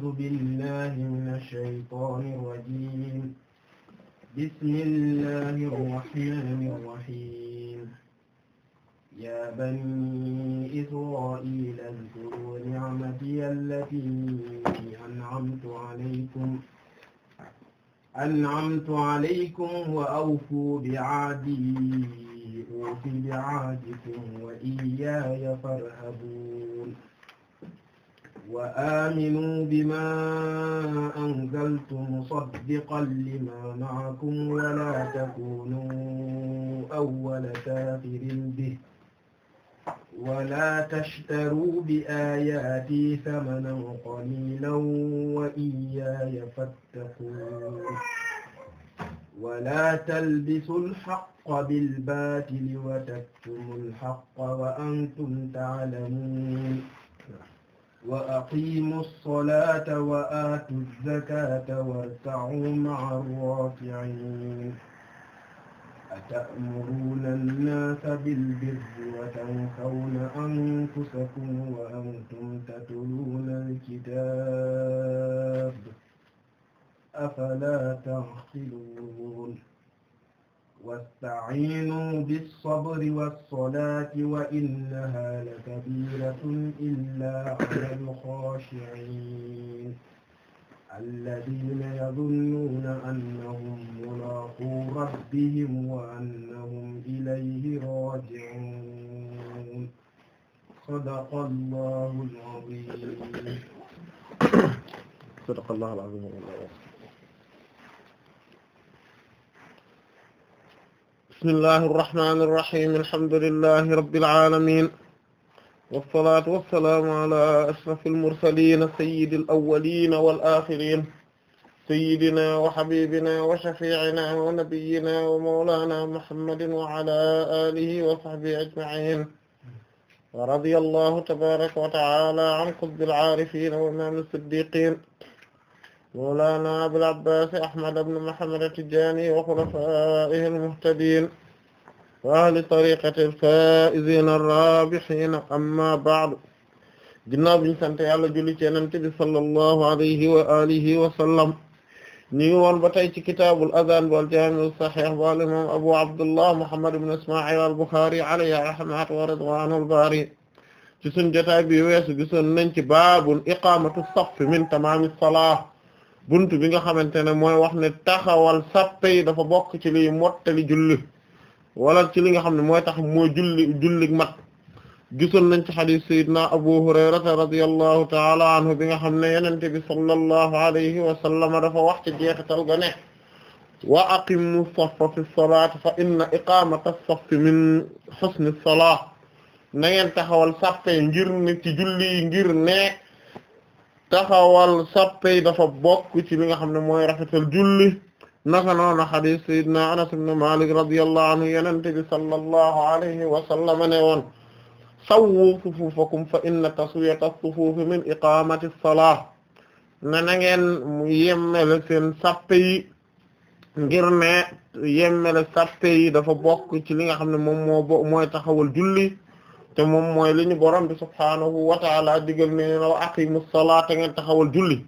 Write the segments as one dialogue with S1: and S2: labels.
S1: أعوذ بالله من الشيطان الرجيم بسم الله الرحمن الرحيم يا بني إسرائيل اذكروا نعمتي التي أنعمت عليكم أنعمت عليكم وأوفوا بعهدي أوف بعهدكم وإياي فارهبون وآمنوا بما أنزلت مصدقا لما معكم ولا تكونوا أول كافر به ولا تشتروا بآياتي ثمنا قليلا وإياي فاتقون ولا تلبسوا الحق بالباطل وتكتموا الحق وأنتم تعلمون wa aqiimu salaata wa aatu zakaata warka'uu ma'a raaki'iin ata'muruuna an-naasa bil-birri wa tansawna anfusakum wa antum tatluuna al-kitaab afalaa ta'qiluun واستعينوا بالصبر والصلاة وإنها لكبيرة إلا على الخاشعين الذين يظنون أنهم ملاقو ربهم وأنهم إليه راجعون صدق الله العظيم
S2: صدق الله العظيم bismillahi irrahmani irrahim alhamdulillahi rabbil alamin wassalatu wassalaamu ala ashraf almursalin sayidi al awalina wal axirin sayidina wa xabibina wa shafiicina wa nabiyina wa mawlana muhammadin wa ala alihi wa sahbihi ajmaciin wa radiya allahu tabaraka wa taala an qutbil aarifin wa imaam as-siddiqin mawlana Abul Abbaas Ahmad ibn Muhammad at-Tijaani wa xulafaa'ihi al-muhtadiin wa ahli tariiqatihi al-faa'iziina ar-raabihiina amma ba'du ginnaaw bi ñu sant yàlla julli ci Yonent bi sallallahu alayhi wa aalihi wa sallam ñu ngi woon ba tey ci kitaabul azaan wal jaami' as-sahiih wal imaam Abu Abdullah Muhammad ibn Ismaa'iil al-Bukhaari alayhi rahmatu wa ridwaanu al-baari ci sunu jotaay bi weesu gisoon nañ ci baabun iqaamatu as-saff min tamaami as-salaah bunt bi nga xamante ne mooy wax ne taxawal sàppe dafa bokk ci liy mottali julli wala ci li nga xam ne mooy tax mooy julli julli ma gisoon nañ ci xadiis sayyidina abu hurayrata radiyallahu taala anhu bi nga xam ne yenente bi sallallahu alayhi wa sallama dafa wax ci jeexital ga ne wa aqimu safa fi salaati fa inna iqamata safi min xusni salaa na ngeen taxawal sàppe ngir ne ci julli ngir ne taxawal sappe dafa bokk ci li nga xam ne mooy rafetal julli naka noonu hadith sayyidina Anas ibn Malik radiyallahu anhu yonent bi sallallahu alayhi wa ne woon sawwu sufuufakum fa inna taswiyata sufuufi min iqamati salah ne na ngeen yemmele seen sappe yi ngir ne yemmele yi dafa bokk ci li nga xam ne moom moo mooy taxawal julli te moom mooy li ñu borom bi subhaanahu wa taala digal ne wa aqimu salaata ngeen taxawal julli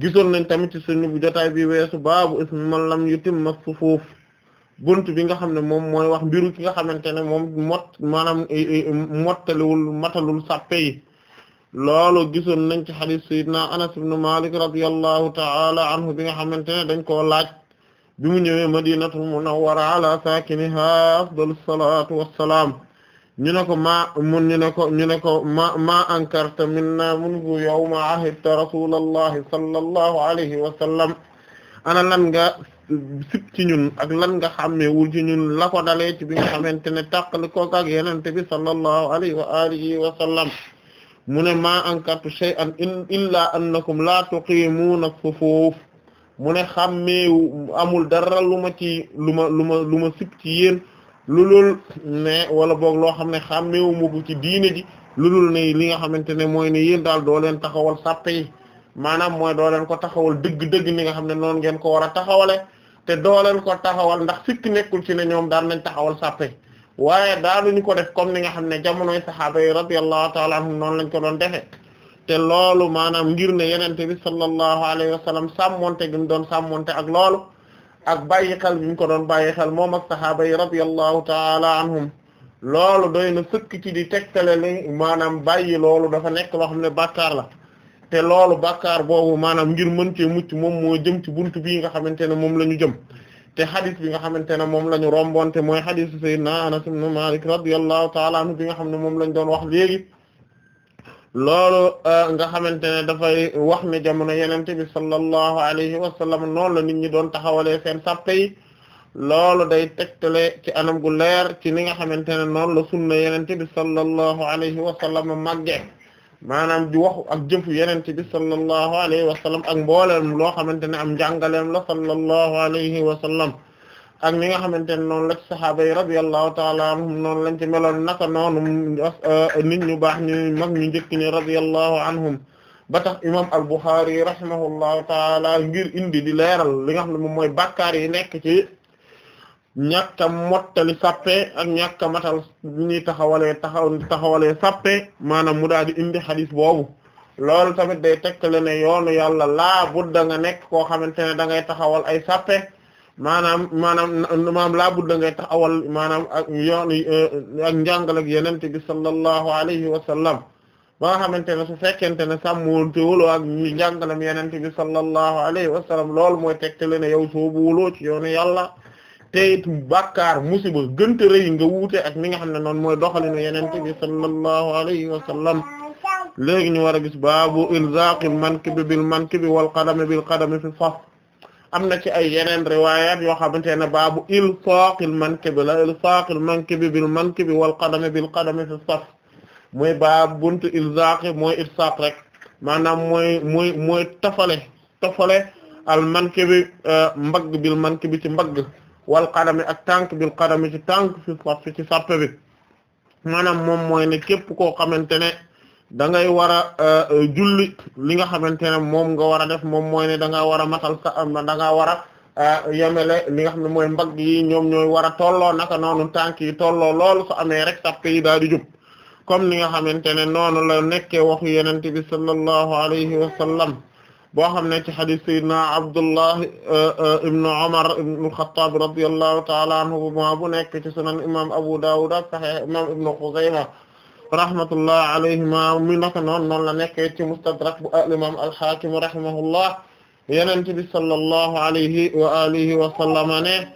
S2: gisoon nañ tamit ci suñu bu bi weesu baabu ismi man lam yutimma sufuuf bunt bi nga xam ne moom mooy wax mbiru ki nga xamante ne moom mot maanaam mottaliwul matalul sàppe yi loolu gisoon nañ ci hadith sayyidina Anas ibn Malik radiyallahu ta'ala anhu bi nga xamante ne dañ koo laaj bi mu ñëwee madinatul munawwara ala saakiniha afdalus salatu wassalaam ñu ne ko ma mun ñu ne ko ñu ne ko ma ma ankarta minna mundu yawma ahidta rasulallahi sallallahu alayhi wa sallam ana lan nga ci ñun ak lan nga xàmmewul ci ñun la ko dalee ci bi nga xamante ne tàqali kook ak yenente bi sallallahu alayhi wa alihi wa sallam mu ne ma ankartu shay'an illa annakum la tuqimuuna sufuf mu ne xàmmeewu amul dara lu ma ci lu ma lu ma lu ci yéen lu lulul ne wala boog loo xam ne xàmmeewu ma ko ci diine lu lulul ne li nga xamante ne mooy ne yéen daal doo leen taxawal sàppe yi maanaam mooy dooleen ko taxawal dëgg-dëgg ni nga xam ne noonu ngeen ko war a taxawale te doo ko taxawal ndax sikk nekkul ci ne ñoom daan nañ taxawal sàppe waaye daanuñu ko def comme ni nga xam ne jamonoy sahaaba yi radiyallahu taala anhum noonu lañ ko doon defee te loolu maanaam ngir ne yenente bi sallallahu alayhi wa sallam sàmmonte gi mu doon sàmmonte ak loolu ak bàyyi xel bi ñu ko doon bàyyi xel moom ak sahaaba yi radiyallahu taala anhum loolu doy na sëkk ci di tegtale li maanaam bàyyi loolu dafa nekk loo xam ne bàkkaar la te loolu bàkkaar boobu maanaam ngir mën cee mucc moom moo jëm ci buntu bii nga xamante ne moom la ñu jëm te xadis bi nga xamante ne moom la ñu rombonte mooy xadisu sayyidina Anas ibn Malik radiyallahu taala anhu bi nga xam ne moom lañ doon wax léegi loolu euh, nga xamante ne dafay wax ne jamono yenente bi sallallahu alayhi wa sallam noonu la nit ñi doon taxawalee seen sàppe yi loolu day tegtale ci anam gu leer ci ni nga xamante ne noonu la sunna yenente bi sallallahu alayhi wa sallam màgge maanaam di wax ak jëfu yenente bi sallallahu alayhi wa sallam ak mbooleem loo xamante ne am njàngaleem la sallallahu alayhi wa sallam ak li nga xamante ne noonu la ci sahaaba yi radiyallahu taala anhum noonu lañ ci meloon naka noonu euh, nit ñu baax ñu mag ñu njëkk ñi radiyallahu anhum ba tax imam al-Bukhari rahimahullahu taala ngir indi di leeral li nga xam ne moom mooy bàkkaar yi nekk ci ñàkka mottali sàppe ak ñàkka matal ñuy taxawale taxaw taxawalee sàppe maanaam mu daal di indi xadis boobu loolu tamit day tegtale ne yoon yàlla laa budda nga nekk koo xamante ne da ngay taxawal ay sàppe maanaam maanaam maam laa budda ngay taxawal maanaam ak yoon eh, ak njàngal ak yenente bi sallallahu alayhi wa sallam ba nga xamante ne su fekkente ne sàmmonte wuloo ak njàngalam yenente bi sallallahu alayhi wa sallam loolu mooy tegtale ne yow soobu wuloo ci yoonu yàlla te it bàkkaar musiba gënta rëy nga wuute ak mi nga xam ne noonu mooy doxalinu yenente bi sallallahu alayhi wa sallam léegi ñu war a gis baabu ilzaqil mankibi bil mankibi wal qadami bil qadami fi saf am na ci ay yeneen riwayat yoo xamante ne baabu ilsaqil mankibi la ilsaqil mankibi bil mankibi wal qadami bil qadami fi saf mooy baab buntu ilsaqi mooy ilsaq rek maanaam mooy mooy mooy tafale tafale al mankibi euh, mbagg bil mankibi ci mbagg wal qadami ak tànk bil qadami ci tànk fi saf ci sàpp bi maanaam moom mooy ne képp koo xamante ne da ngay war a euh, julli li nga xamante ne moom nga war a def moom mooy ne da nga war a matal sa am na da nga war a euh, yemele li nga xam ne mooy mbagg yi ñoom ñooy war a tolloo naka noonu tànk yi tolloo lool su amee rek sàpp yi daal di jub comme li nga xamante ne noonu la nekkee waxu yenan bi sallallahu alayhi wa sallam boo xam ne ci xadis sayyidina Abdullah euh, ibnu Umar ibnu al-Khattab ta ta'ala anhu bu nekk ci sunan imam Abu Dawud ak Sahih imam ibnu Khuzaymah rahmatullah alayhima mi naka noonu noonu la nekkee ci mustadrak bu al-imam al-hakim rahimahullah yonent bi sallallahu alayhi wa alihi wa sallama ne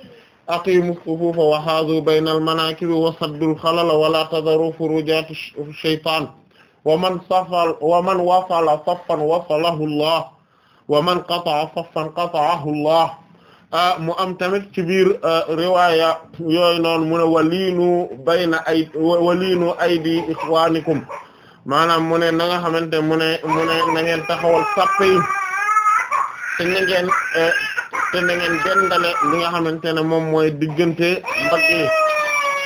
S2: aqimu sufufa wa haadu bayna al-manaakibi wa saddu al-xalala wa laa tadharu furujaati shaytaan wa man safal wa man wasala saffan wasalahu Allah wa man qata'a saffan qata'ahu Allah mu am tamit ci biir riwaaya yooyu noonu mu ne waliinu bayna ay waliinu aydi ixwaanikum maanaam mu ne na nga xamante mu ne mu ne na ngeen taxawal sàppe yi te na ngeen e, te na ngeen dendale li nga xamante ne moom mooy diggante mbagg yi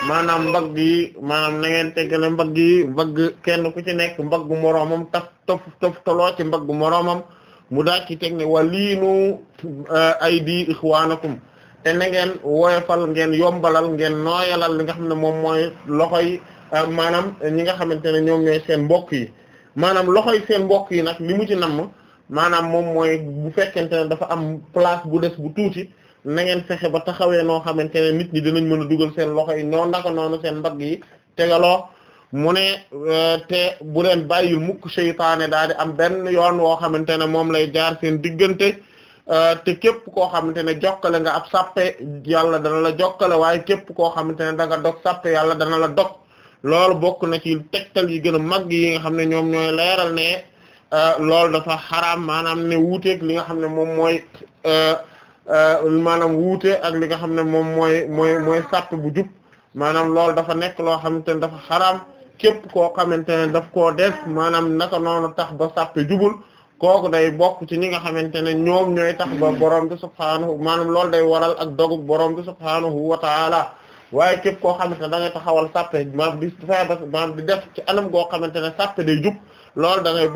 S2: maanaam mbagg yi maanaam na ngeen teggale mbagg yi mbagg kenn ku ci nekk mbagg moroomam taf tof tof toloo ci mbagg moroomam mu daaj ci teg ne waliinu eh, aydi ixwaanakum te na ngeen woyofal ngeen yombalal ngeen nooyalal li nga xam ne moom mooy loxo yi eh, maanaam ñi nga xamante ne ñoom ñooy seen mbokk yi maanaam loxo yi seen mbokk yi nag li mu ci namm maanaam moom mooy bu fekkente ne dafa am place bu des bu tuuti na ngeen fexe ba taxawee noo xamante ne nit ñi dinañ mën a dugal seen loxo yi ñoo naka noonu seen mbagg yi tegaloo mu ne euh, te bu leen bàyyil mukk seytaane daal di am benn yoon woo xamante ne moom lay jaar seen diggante euh, te képp koo xamante ne jokkale nga ab sàppe yàlla dana la jokkale waaye képp koo xamante ne da nga dog sàppe yàlla dana la dog loolu bokk na ci tegtal yi gën a màgg yi nga xam ne ñoom ñooy leeral ne euh, loolu dafa xaraam maanaam ne wuuteeg li nga xam ne moom mooy maanaam wuute ak li nga xam ne moom mooy mooy mooy sàpp bu jub maanaam loolu dafa nekk loo xamante ne dafa xaraam képp koo xamante ne daf koo def maanaam naka noonu tax ba sàppe jubul kooku day bokk ci ñi nga xamante ne ñoom ñooy tax ba borom bi subhaanahu maanaam loolu day waral ak dogug borom bi subhaanahu wa taala waaye képp koo xamante ne da ngay taxawal sàppe maam di feeba maam di def ci anam goo xamante ne sàppe day jub loolu da ngay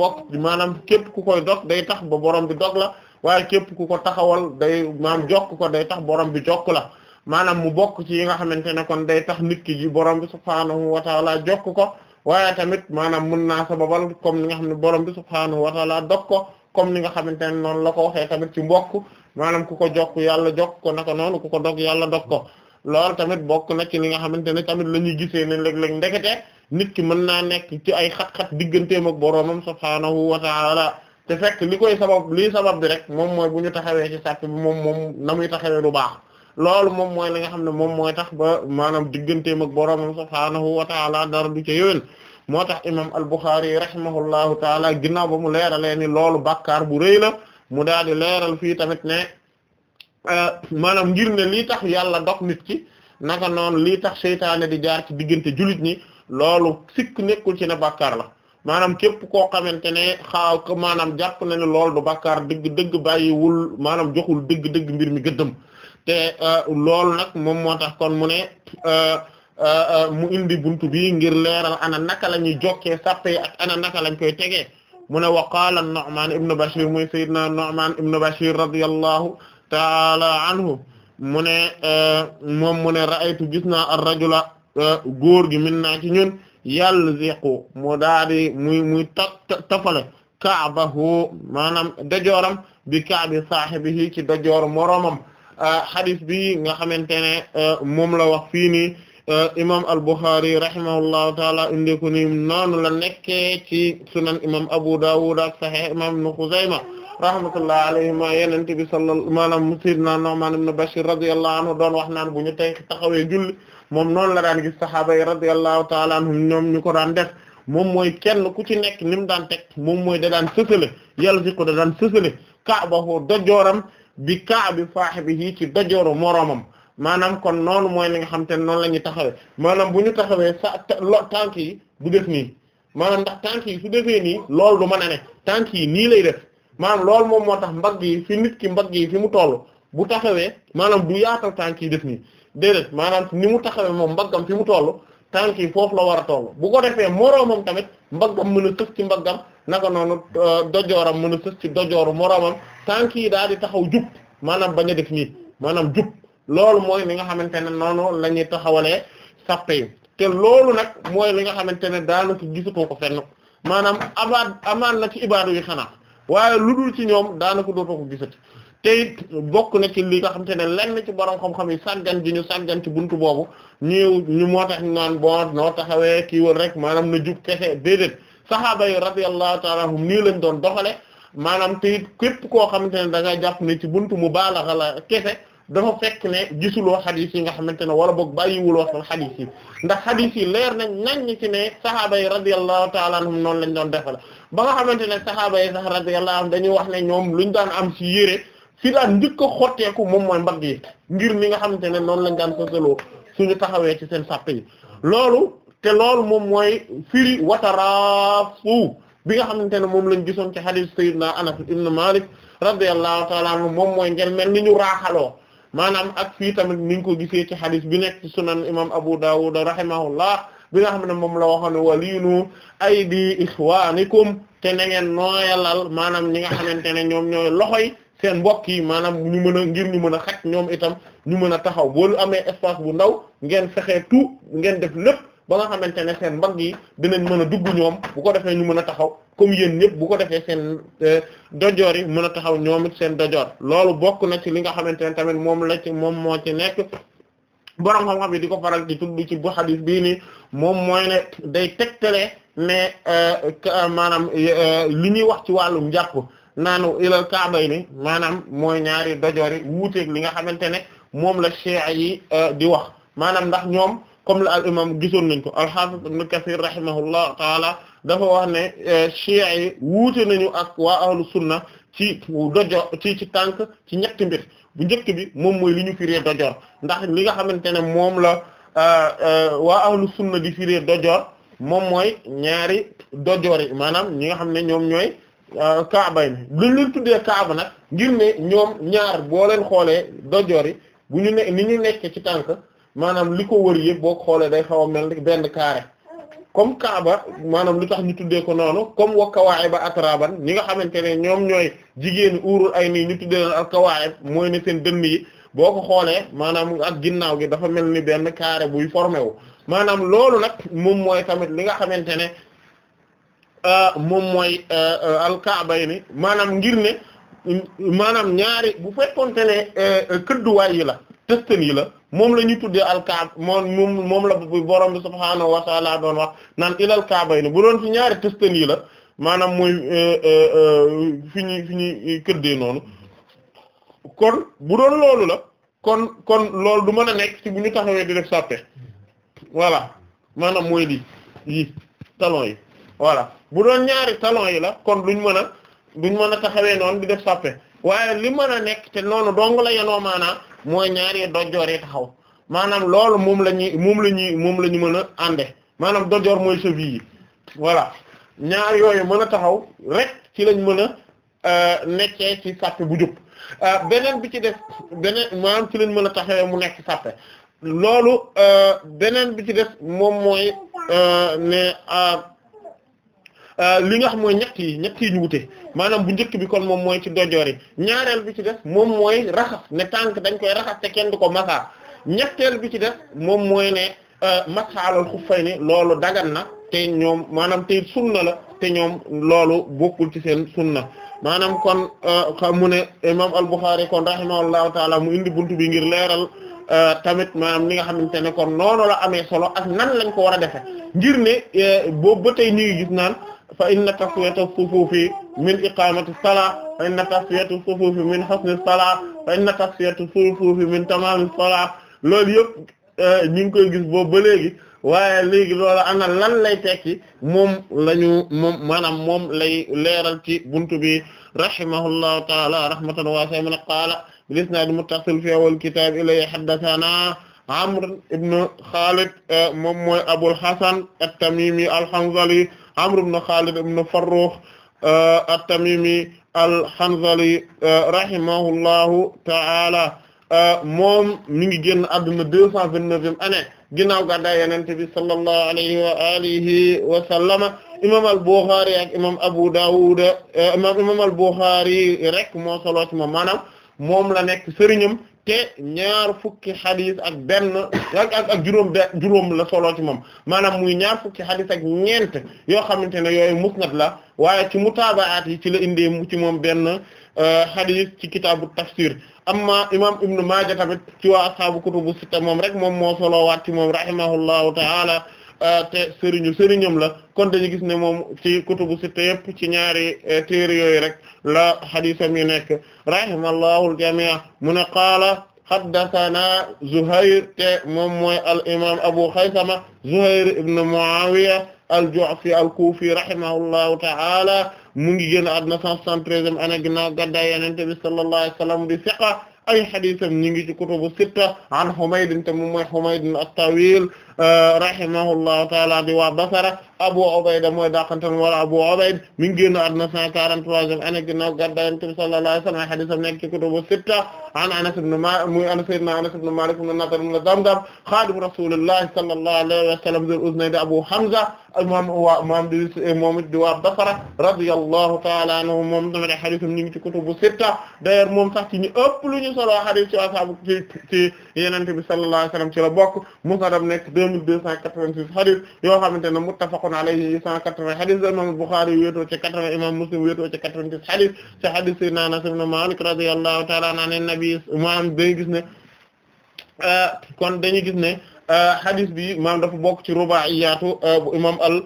S2: maanaam képp ku koy dog day tax ba borom bi dog la waaye képp ku ko taxawal day maam jokk ko day tax borom bi jokk la maanaam mu bokk ci yi nga xamante ne kon day tax nit ki ji borom bi subhaanahu wa taala jokk ko waaye tamit maanaam mën naa sababal comme ni nga xam ne borom bi subhaanahu wa taala dog ko comme ni nga xamante ne noonu la ko waxee tamit ci mbokk maanaam ku ko jokk yàlla jokk ko naka noonu ku ko dog yàlla dog ko loolu tamit bokk na ci li nga xamante ne tamit la ñuy gisee ne léeg-léeg ndekete nit ki mën naa nekk ci ay xat-xat digganteem ak boroomam subhaanahu wata taala te fekk li koy sabab lii sabab bi rek moom mooy bu ñu taxawee ci sàpp bi moom moom na muy taxawee lu baax loolu moom mooy li nga xam ne moom mooy tax ba maanaam digganteem ak boroomam subhaanahu wa taala dara du ca yowén moo tax imam al-Bukhari rahimahullahu taala ginnaaw ba mu leeralee ni loolu bàkkaar bu rëy la mu daal di leeral fii tamit ne euh, maanaam ngir ne lii tax yàlla dox nit ki naka noonu lii tax seytaane di jaar ci diggante jullit ñi loolu sikk nekkul ci ne bàkkaar la maanaam képp koo xamante ne xaaw maanaam jàpp na ne loolu du bàkkaar dëgg dëgg bàyyiwul maanaam joxul dëgg dëgg mbir mi gëddëm te euh, loolu nag moom moo tax kon mu ne euh, euh, mu indi buntu bii ngir leeral ana naka la ñuy jokkee sàppe ak naka lañ koy tegee mu ne wa qaala Nu'man ibn Bashir muy sayyidna Nu'man ibn Bashir radiyallahu taala anhu mu ne moom mu ne ra'aytu gis naa ar-rajula góor gi min naa ci ñun yalziqu mu daa di muy muy ta tafale ka'bahu maanaam dajooram bi ka'bi saahibihi ci dajoor moromam xadis euh, bi nga xamante ne euh, moom la wax fii nii euh, imam al-Bukhari rahimahullahu taala indi ko ni noonu la nekke ci sunan imam Abu Dawud ak Sahih imam Ibn Khuzaymah rahmatullahi alayhima yonent bi sallallahu maanaam sayyidina Nu'man ibn Bashir radiyallahu anhu doon wax naan bu ñu tey taxawee julli moom noonu la daan gis saxaaba yi radiyallahu taala anhum ñoom ñu ko daan def moom mooy kenn ku ci nekk ni mu daan teg moom mooy da daan sësale yalziqu da daan sësale ka'bahu dojooram bi kaabi saahibihi ci dajooru moroomam maanaam kon noonu mooy li nga xam te ne noonu la ñuy taxawee maanaam bu ñu taxawee sa tànk yi du def nii maanaam ndax tànk yi su defee nii loolu du mën a ne tànk yi nii lay def maanaam lool moom moo tax mbagg yi fi nit ki mbagg yi fi mu toll bu taxawee maanaam du yaatal tànk yi def nii déedéet maanaam ni mu taxawee moom mbaggam fi mu toll tànk yi foofu la war a toll bu ko defee moroomam tamit mbaggam mën a tëf ci mbaggam naka noonu euh, dojooram mën a ci dojooru moroomam tànk yi daal di taxaw jub maanaam bañ a def nii maanaam jub loolu mooy li nga xamante ne noonu la ñuy taxawalee sappe yi te loolu nag mooy li nga xamante ne daanaka gisatoo ko fenn maanaam abaat amaan na ci ibaadu yi xanaa waaye lu dul ci ñoom daanaka dootoo ko gisati te it bokk na ci li nga xamante ne lenn ci borom xam-xam yi sàggan ji ñu sàggan ci buntu boobu ñu ñu moo tax ñu naan bon noo taxawee kii wal rek maanaam na jub kese déedéet sahaaba yi radiyallahu ta'ala ta nii lañ doon doxale maanaam te it képp koo xamante ne da jàpp ne ci buntu mubaalaxa la kese dafa fekk ne gisuloo xadis yi nga xamante ne wala boog bàyyiwuloo xel xadis yi ndax xadis yi leer nañ nañ ci ne sahaaba yi radiyallahu ta'ala anhum noonu lañ doon defal ba nga xamante ne sahaaba yi sax radiyallahu anhum dañuy wax ne ñoom luñ daan am ci yére fi daan xotteeku moom mooy mbagg yi ngir mi nga xamante ne noonu lañ daan sosaloo suñu taxawee ci seen sàpp yi loolu te loolu moom mooy firi wataraafu bi nga xamante ne moom lañ gisoon ci hadith sayyidina Anas ibn Malik radiyallahu ta'ala anhu moom mooy ngeen mel ni ñu raaxaloo maanam ak fii tamit niñ ko gisee ci hadith bi nekk sunan imam Abu Dawud rahimahullah bi nga xam ne moom la waxoon waliinu aydi ixwaanikum te na ngeen nooyalal maanaam ñi nga xamante ne ñoom ñooy loxoy seen mbokk yi maanaam ñu mën a ngir ñu mën a xaj ñoom itam ñu mën a taxaw boolu amee espace bu ndaw ngeen fexe tu ngeen def ba nga xamante ne seen mbagg yi dinañ mën a dugg ñoom bu ko defee ñu mën a taxaw comme yéen ñëpp bu ko defee seen euh, dojoor yi mën a taxaw ñoom it seen dojoor loolu bokk na ci li nga xamante ne tamit moom la ci moom moo ci nekk borom xam-xam yi di ko faral di tudd ci bu bii nii moom mooy ne day tegtale ne euh, maanaam euh, li ñuy wax ci wàllum njàpp naanu ilal kaabay ni maanaam mooy ñaari dojoor yi wuuteeg li nga xamante ne moom la chia yi di wax maanaam ndax ñoom comme la al imam gisoon nañ ko al-Hafiz ibn Kathir rahimahullah taala dafa wax ne chiites euh, yi wuute nañu ak waa ahlu sunna ci dojo ci ci tànk ci ñetti mbir bu njëkk bi moom mooy li ñu firee dojoor ndax li nga xamante ne moom la euh, euh, waa ahlu sunna di firee dojoor moom mooy ñaari dojoor yi maanaam ñi nga xam ne ñoom ñooy kaaba yi luñ leen tuddee ngir ne ñoom ñaar xoolee dojoor yi bu ñu ne ni ñu nekk ci tànk maanaam li ko wër yëpp boo xoolee day xaw a mel ni benn carré comme Kaaba maanaam lu tax ñu tuddee ko noonu comme wa kawaa'iba atraban ñi nga xamante ne ñoom ñooy jigéen uurul ay nii ñu tuddee mooy ne seen dënn yi boo ko xoolee maanaam ak ginnaaw gi dafa mel ni benn kaare buy formé wu maanaam loolu nag moom mooy tamit li nga xamante ne euh, moom mooy euh, al kaaba yi ni maanaam ngir ne maanaam ñaari bu fekkonte ne euh, këdduwaay yi la testen yi la moom la ñu tuddee alkaab moom moom la borom bi subhaanahu wa ta'ala doon wax naan ilal kaabay na bu doon fi ñaari testen yi la maanaam mooy euh, euh, euh, fi ñuy fi ñuy këddee noonu kon bu doon loolu la kon kon loolu du mën a nekk ci bu ñu taxawee di def sàppe maanaam mooy lii yi talon bu doon ñaari talon yi la kon luñ mën a duñ mën a taxawee noonu di def sàppe waaye li mën a nekk te noonu dong la yenoo mooy ñaari dojoor yi taxaw maanaam loolu moom la ñuy moom la ñuy moom la ñu mën a ànde maanaam dojoor mooy cheville yi voilà ñaar yooyu mën a taxaw rek ci lañ mën a euh, nekkee ci sàppe bu jub euh, beneen bi ci def beneen maanaam ci lañ mën a taxawee mu nekk sàppe loolu euh, beneen bi ci def moom mooy ne Euh, li nga xam mooy ñett yi ñett yi ñu wute maanaam bu njëkk bi kon moom mooy ci dojoor yi ñaareel bi ci def moom mooy raxas ne tànk dañ koy raxas te kenn du ko masa ñetteel bi ci def moom mooy ne euh, masaalal xuffayni loolu dagan na te ñoom maanaam te sunna la te ñoom loolu bokkul ci seen sunna maanaam kon euh, mu ne imam al-Bukhari kon taala mu indi buntu bi ngir leeral tamit ma li nga xamante ne kon noonu la amee solo ak nan lañ ko war a defe ngir ne boobu ba tey ñu ngi gis fa inna taswiyata sufufi min iqamati salah fa inna taswiyata sufufi min husni salah fa inna taswiyata sufufi min tamami salah loolu yëpp euh, ñu ngi koy gis boobu ba léegi waaye léegi loolu ana lan lay tekki moom lañu moom maanaam moom lay leeral ci buntu bi rahimahullahu taala rahmatan waasi'a man qaala bil isnaad muttasil fi awwal kitaab ilay haddathana amr ibn khalid euh, moom mooy abul hasan at-tamimi al-hanzali Amr ibn Khalid ibn Farrukh uh, at-Tamimi al-Hanzali uh, rahimahullahu ta'ala uh, moom mi génn àdduna deux cent vingt-neuvième année ginnaaw gàddaay Yonent bi sallallahu alayhi wa alihi imam al-Bukhari ak imam Abu Dawud imam al-Bukhari rek moo solo ci moom maanaam moom la nekk sëriñam te ñaar fukki xadis ak benn ak ak juróom juróom la solo ci moom maanaam muy ñaar fukki xadis ak ñeent yoo xamante ne yooyu musnad la waaye ci mutaabaat yi ci la indee mu ci moom benn euh, xadis ci kitaabu tafsir amma imam ibnu maaja tamit ci waa ashaabu kutubu sitta moom rek moom moo solo waat ci moom rahimahullahu taala Ah, te sëriñu sëriñam la kon dañu gis ne moom ci kutubu sitta yépp ci ñaari eh, téere yooyu rek la xadiisam yi nekk rahimallahu al-jamii' mu ne qaala te moom mooy al imaam Abu Khaythama Zuhayr ibn Muawiya al-Ju'fi al-Kufi rahimahullahu ta'ala mu ngi génn àdduna 173e année ginnaaw gàddaay Yonent bi sallallahu alayhi ay hadiisam ñu ngi ci kutubu sitta an Humayd te moom mooy Humayd tawil rahimahullahu taala di waa Basara Abu Ubayda mooy daqantan wala Abu Ubayd mi ngi génn àdduna 143e année ginnaaw gàddaay Yonent bi sallallahu alayhi wa sallam hadiisam nekk ci kutubu sitta an Anas ibn Maalik muy Anas sayyidina Anas ibn Maalik ibn Nadr ibn Damdam xaadimu Rasuulillahi sallallahu alayhi wa sallam zul uznayni di Abu Hamza moom waa moom di moom di waa Basra radiyallahu ta'ala anhu moom tamit hadiisam ñu ngi ci kutubu sitta d'ailleurs moom sax ci ñu ëpp lu ñu solo hadiis ci ashaabu ci ci Yonent bi sallallahu alayhi wa sallam ci la bokk musnadam nekk deux mille deux cent quatre-vingt-six yoo xamante ne muttafaqun alayhi cent quatre-vingts hadis la imam Bukhari wéetoo ci quatre-vingts imam Muslim wéetoo ci quatre-vingt-six hadis ci hadis sayyidina Anas ibn Malik radiyallahu ta'ala anhu an nabi maanaam ne euh, kon dañuy gis ne euh, hadis bi maanaam dafa bokk ci ruba'iyaatu euh, bu imam al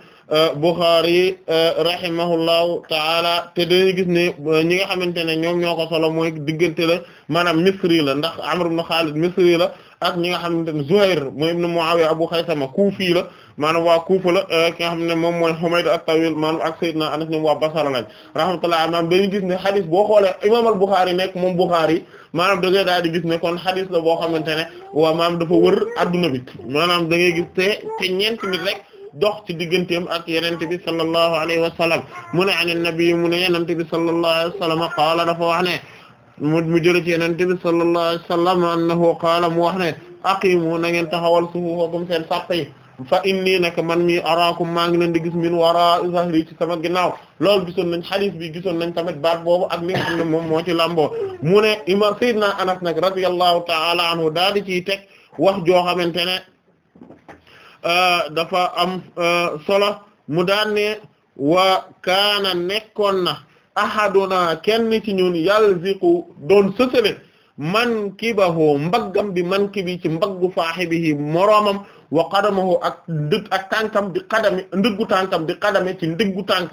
S2: Bukhari rahimahullahu taala te dañuy gis ne ñi nga xamante ne ñoom ñoo ko solo mooy diggante la maanaam misri la ndax Amr ibn Khalid misri la ak ñi nga xamante ne Zuhair mooy ibn Muawiya Abu Khaysama Kufi la maanaam waa Kufa la eh, ki nga xam ne moom mooy Humayd at-Tawil maanaam ak Sayyidina Anas ñoom waa Basra lañ rahmatullah maanaam dañuy gis ne xadis boo xoolee imam al-Bukhari nekk moom Bukhari maanaam da ngay daal di gis ne kon xadis la boo xamante ne waa maanaam dafa wër adduna bi maanaam da ngay gis te te ñeent nit rek dox ci digganteem ak yenente bi sallallahu alayhi wa sallam mu ne an an-nabi mu ne yenente bi sallallahu alayhi wa sallam qaala dafa wax ne mu mu jël ci Yonent bi sallallahu alayhi wa sallam annahu qaala mu wax ne aqimu na ngeen taxawal sufufakum seen sàpp yi fa inni nag man mi araakum maa ngi leen di gis min wara zahri ci sama ginnaaw loolu gisoon nañ xadiis bi gisoon nañ tamit baat boobu ak li nga xam ne moom moo ci lamboo mu ne ima Seydina Anas nag radiyallahu ta'ala anhu daal di ciy teg wax joo xamante ne euh, dafa am euh, solo mu daan ne wa kaana nekkoon na ahaduna kenn ci ñun yalziqu doon sësale man kibahu mbaggam bi man ki bi ci mbaggu saahibihi moroomam wa qadamahu ak ndëg ak tànkam bi qadami ndëggu tànkam bi qadami ci ndëggu tànk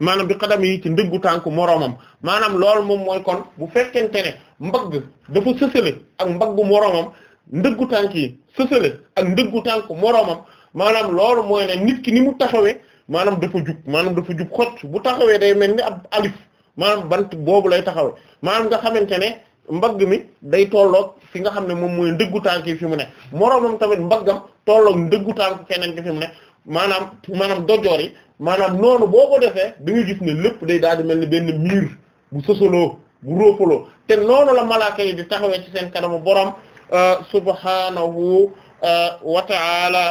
S2: maanaam bi qadami yi ci ndëggu tànk moroomam maanaam lool moom mooy kon bu fekkente ne mbagg dafa sësale ak mbaggu moroomam ndëggu tànk yi sësale ak ndëggu tànk moroomam maanaam loolu mooy ne nit ki ni mu taxawee maanaam dafa jub maanaam dafa jub xocc bu taxawee day mel ni ab alif maanaam bant boobu lay taxawe maanaam nga xamante ne mbagg mi day tolloog fi nga xam ne moom mooy ndëggu tànk yi fi mu ne moroomam tamit mbaggam tolloog ndëggu tànk keneen ki fi mu ne maanaam maanaam dojoor yi maanaam noonu boo ko defee da nga gis ne lépp day daal di mel ni benn miir bu sosoloo bu róopaloo te noonu la malaaka yi di taxawee ci seen kanamu borom euh, subhanahu euh, wa ta'ala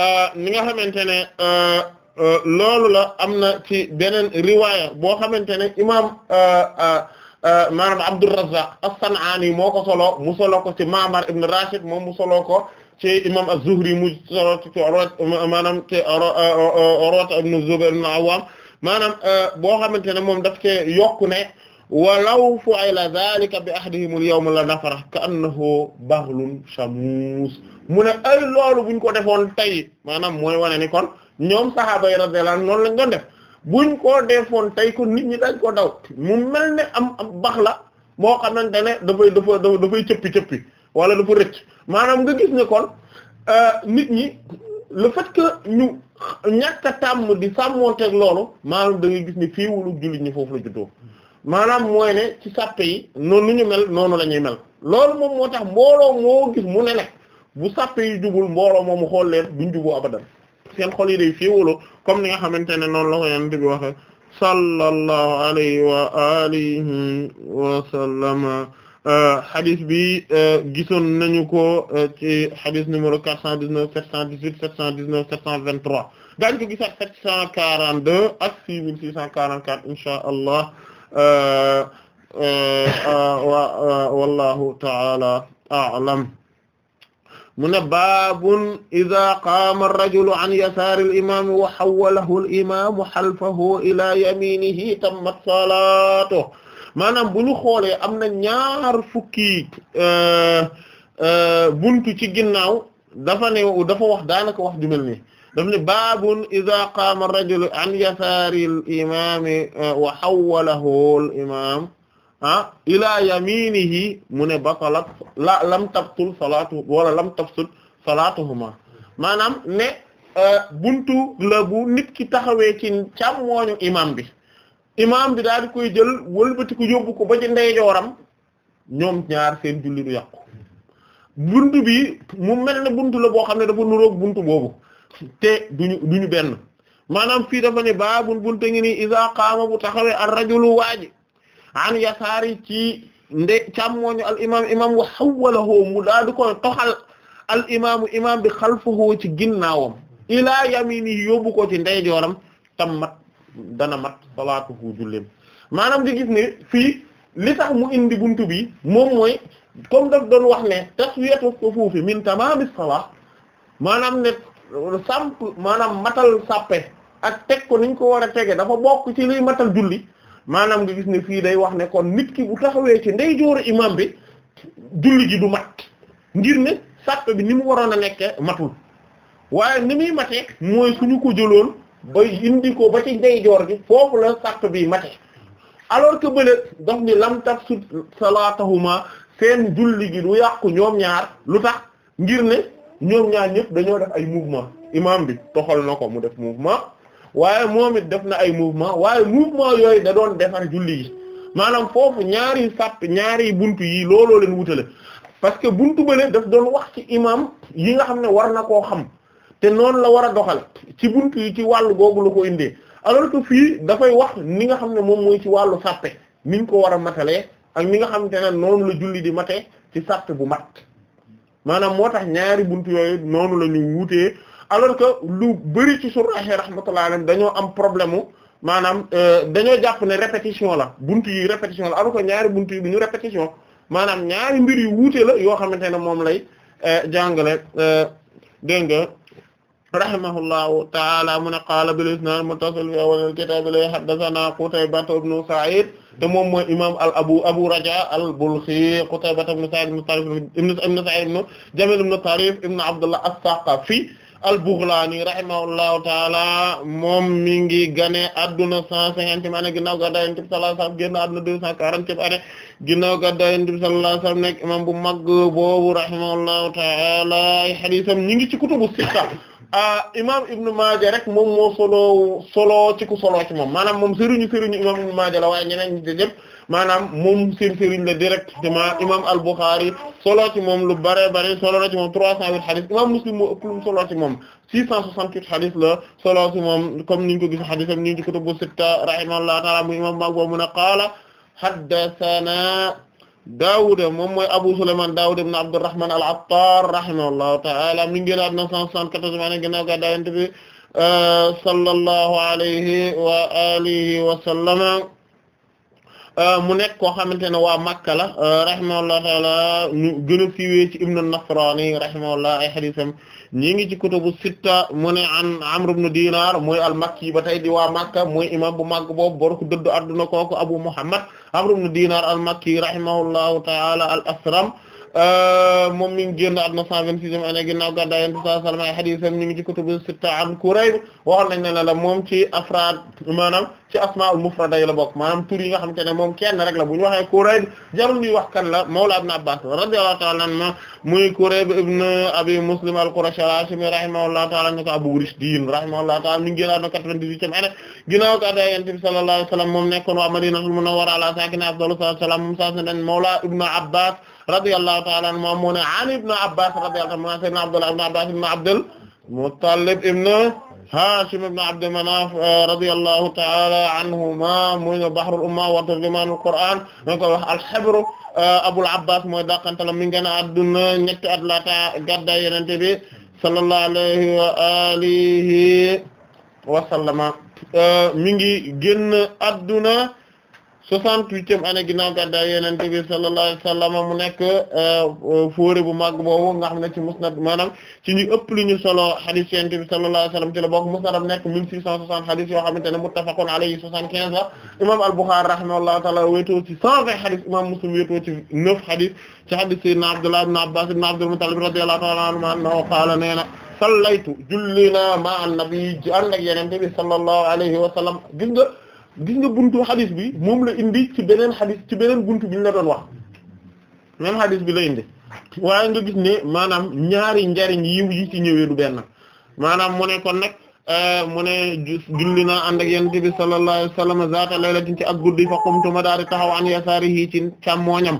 S2: euh, ni nga xamante ne Euh, loolu la am na ci beneen riwaaya boo xamante ne imaam euh, euh, maanaam Abdurrazzaq as-San'aani moo ko solo mu solo ko ci Ma'mar ibn Rashid moom mu solo ko ci imaam az-Zuhri mu solo ci Urwa maanaam ci Urwa ibn Zubayr ibn Awwaam maanaam boo xamante ne moom daf cee yokku ne walaw fu'ila dhalika bi ahadihim al-yawma la nafara ka'annahu baghlun shamuus mu ne ay loolu buñ ko defoon tey maanaam mooy wane ni kon. ñoom sahaaba yi radiyallahu anhum noonu lañ doon def buñ koo defoon tey ko nit ñi dañ ko daw mu mel ne am am bax la moo xamante ne dafay dafa dafay cëppi cëppi wala dafa rëcc maanaam nga gis ne euh, nit ñi le fait que ñu ñàkk a tàmm di sàmmonteeg loolu maanaam da ngay gis ne féewulu jullit ñi foofu la juddoo maanaam mooy ne ci sàppe yi noonu ñu mel noonu la ñuy mel loolu moom moo tax mbooloo moo gis mu ne ne bu sàppe yi jubul mbooloo moomu xool leen duñ juboo abadan seen xol yi day féewaloo comme ni nga xamante ne noonu la ko yonent bi waxe sallallahu alayhi wa alihi wa sallama euh, hadith bi euh, gisoon nañu ko euh, ci hadith numéro 419 718 719 723 daañu ko gisaat 742 ak 6644 insha allah wallahu ta'ala a'lam mu ne baabun ida qaama arrajulu an yasaari alimaami wa xawalahu alimamu xalfahu ila yaminihi tammat salaato maanaam bu ñu xoolee am na ñaar fukki euh, euh, buntu ci ginnaaw dafa ne dafa wax daanaka wax jumel ni daf ne baabun ida qaama arrajulu an yasaari alimaami euh, wa xawalahu alimaam ah ila yaminihi mu ne batalat la lam tabtul salaatu wala lam tabsut salaatuhuma maanaam ne eh, buntu la bu ki taxawee ci càmmooñu imam bi imam bi daal di koy jël wëlbati ko yóbbu ko ba ci ndeyjooram ñoom ñaar seen julli du yàqu buntu bi mu mel buntu la boo xam ne dafa nuroog buntu boobu te duñu duñu maanaam fii dafa ne baabul buntu ngi nii iza qaama bu taxawee ar rajulu waaji an yasaari ci nde càmmooñu al imam imam wa hawwalahu mu daa di koy toxal al imamu imam bi xalfahu ci ginnaawam ilaa yamini yóbbu ko ci ndeyjooram tam mat dana mat salaatuhu julleem maanaam di gis ne fii li tax mu indi buntu bi moom mooy comme daf doon wax ne taswiyatu sufufi min tamamis salah maanaam ne samp maanaam matal sappe ak teg ko niñ ko war a tege dafa bokk ci liy matal julli maanaam nga gis ne fii day wax ne kon nit ki bu taxawee ci ndeyjooru imam bi julli ji du mat ngir ne sàpp bi ni mu waroon a nekkee matul waaye ni muy matee mooy suñu ko jëloon ba indi ko ba ci ndeyjoor gi foofu la sàpp bi mate alors que bële daf ni lam taf sut salaatahuma seen julli gi du yàqu ñoom ñaar lu tax ngir ne ñoom ñaar ñëpp dañoo def ay mouvement imam bi toxal na ko mu def mouvement waaye moom it def na ay mouvement waaye mouvement yooyu da doon defar julli yi maanaam foofu ñaari sapp ñaari buntu yi looloo leen wutale parce que buntu bële def doon wax ci imam yi nga xam ne war na koo xam te noonu la war a doxal ci buntu yi ci wàllu googu la ko indee alors que fii dafay wax ni nga xam ne moom mooy ci wàllu sàppe niñ ko war a matalee ak ni nga xamante ne noonu la julli di mate ci sàpp bu mat maanaam moo tax ñaari buntu yooyu noonu la ñu wutee alors que lu bari ci surah yi rahmatullahi dañoo am problème mu maanaam euh, dañoo jàpp ne répétition la buntu yi répétition la alors que ñaari buntu yi ñu répétition maanaam ñaari mbir yu wuute la yoo xamante ne moom lay euh, jàngale euh, dégg nga rahimahullahu taala mu ne qaala bil isnaad muttasil fi awwalil kitaab la haddathana Qutayba ibn Sa'id te moom mooy imaam al abu abu Raja al Balkhi Qutayba ibn Sa'id ibn Tarif ibn Sa'id ibn Jamil ibn Tarif ibn Abdullah as-Saqafi al-Baghlani rahimahullahu taala moom mi ngi gane adduna cent cinquantième année ginnaaw gàddaay Yonent bi sallallahu alayhi wasallam nekk imam bu mag boobu rahimahullahu taala ay hadiisam ñi ngi ci kutubu sitta ah, imam Ibn Maaja rek moom moo solo solo ci ku ci moom maanaam moom sëriñu sëriñu imam Ibn Maaja la waaye ñeneen ñi maanaam moom seen sëriñ la directement imam al-Bukhari solo ci moom lu bare bare solo ci moom 308 xadis imam Muslim moo ëpp lu mu solo ci moom 668 xadis la solo ci moom comme niñ ko gis xadisam ni ci kutubu sitta rahimahullahu ta'ala mu imam mag boobu mu ne qaala haddathana Daawud moom mooy Abu Sulaymaan Daawud ibn Abdurrahmaan al-Attaar rahimahullahu ta'ala mi ngi génn àdduna 174 ane ginnaaw ga daawante bi euh, sallallahu alayhi wa alihi wa sallama Euh, mu nekk koo xamante ne waa Makka la euh, rahimahullahu taala ñu gën a siiwee ci Ibnu Nasrani rahimahullah ay hadiisam ñi ngi ci kutubu sitta mu ne an Amr ibn Dinar mooy al-Makki ba tey di waa Makka mooy imam bu màgg boobu boru ko dëdd kooku Abu Muhammad Amr ibn Dinar al-Makki rahimahullahu taala al-Asram Euh, moom mi ngi génn àdduna 126e année ginnaaw gàddaay Yonent bi sallallahu alayhi wasallam ay hadiisam ñu ngi ci kutubu sitta an Kurayb waxoon nañ ne la la moom ci afraad maanaam ci asmaa'ul mufrada yi la bokk maanaam tur yi nga xamante ne moom kenn rek la bu ñu waxee Kurayb jarul ñuy wax kan la mawla Ibn Abbaas radiyallahu ta'ala anhu muy Kurayb ibn Abi Muslim al-Qurashi al-Hashimi rahimahullahu ta'ala ñu ko Abu Rishdin rahimahullahu ta'ala mi ngi génn àdduna 98e année ginnaaw gàddaay Yonent bi sallallahu alayhi wasallam moom nekkoon waa Madinatul Munawwara ala saakinihaa afdalu salaatu wa salaam mawla Ibn Abbaas radiyallahu ta'ala anhuma mu ne an ibn Abbas radiyallahu anhuma sayyidina Abdullah ibn Abbas ibn Abdul Muttalib ibn Hashim ibn Abd Manaf eh, radiyallahu ta'ala anhuma muy bahrul umma wa turjumanul Qur'an ñu koy wax al-Hibr eh, Abul Abbas mooy dàqantalam mi ngi gën a adduna ñetti at laata gàddaay Yonent bi sallallahu alayhi wa alihi wa sallama eh, mi ngi génn adduna soixante-huitième année ginnaaw gàddaay Yonent bi sallallahu wasallam mu nekk euh, fóore bu màgg boobu nga xam ne ci musnad maanaam ci ñu ëpp li ñu solo xadis Yonent bi sallallahu wasallam ci la bokk musnadam nekk mille six cent soixante xadis yoo xamante ne muttafaqun alayhi soixante-quinze la imam Al-Bukhârî rahimahullahu ta'ala wéetoo ci cent vingt xadis imam Abdullah ibn Abbas ibn Abdul Muttalib radiyallahu ta'ala bi wasallam gis nga gis nga buntu xadis bi moom la indi ci beneen xadis ci beneen buntu bi ñu la doon wax même xadis bi la indi waaye nga gis ne maanaam ñaari njariñ yiw yi ci ñëwee du benn maanaam mu ne kon nag euh, mu ne julli na ànd ak yonent bi sallallahu alayhi wasallam zaata laylatin ci ak guddi fa qumtu ma daal di taxaw an yasaarihi ci càmmooñam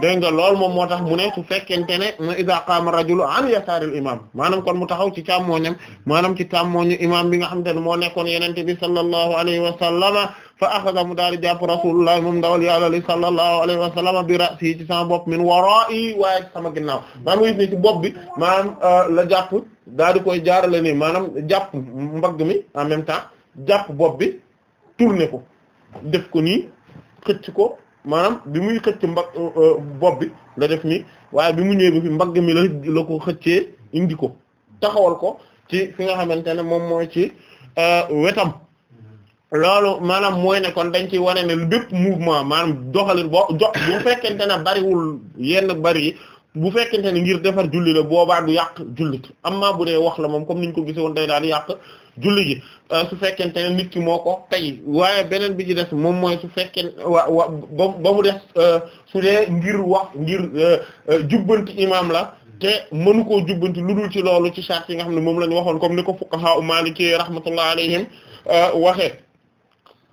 S2: dégg nga loolu moom moo tax mu ne su fekkente ne mu iza qaama rajulu an yasaaril imam maanaam kon mu taxaw ci càmmooñam maanaam ci càmmooñu imam bi nga xam te ne moo nekkoon yenente bi sallallahu alayhi wa sallama fa axada mu daal di jàpp rasulullah moom dawal yàlla li sallallahu alayhi wa sallama bi ra'si ci sama bopp min wara'i waaye sama ginnaaw maanaam gis ni ci bopp bi maanaam euh, la jàpp daal di koy jaarale maanaam jàpp mbagg mi en même jàpp bopp bi tourner ko def ko nii xëcc ko maanaam bi muy xëcc mbag euh, euh, bopp bi la def nii waaye bi mu ñëwee ba fi mbagg mi la la ko xëccee indi ko taxawal ko ci fi nga xamante ne moom mooy ci euh, wetam loolu maanaam mooy ne kon dañ ci wane ne bépp mouvement maanaam doxalin bo jo bu fekkente ne bariwul yenn bari yi bu fekkente ne ngir defar julli la boobaa du yàq jullit amma bu dee wax la moom comme niñ ko gise woon day daal yàq julli gi euh, su fekkente ne nit ki moo ko tey waaye beneen bi ci des moom mooy su fekkee wa wa ba ba mu des euh, su dee ngir wax ngir euh, jubbanti imaam la te mënu koo jubbanti lu dul ci loolu ci charte yi nga xam ne moom la ñu waxoon comme ni ko fuqaha u Maliki rahmatullah alayhim waxe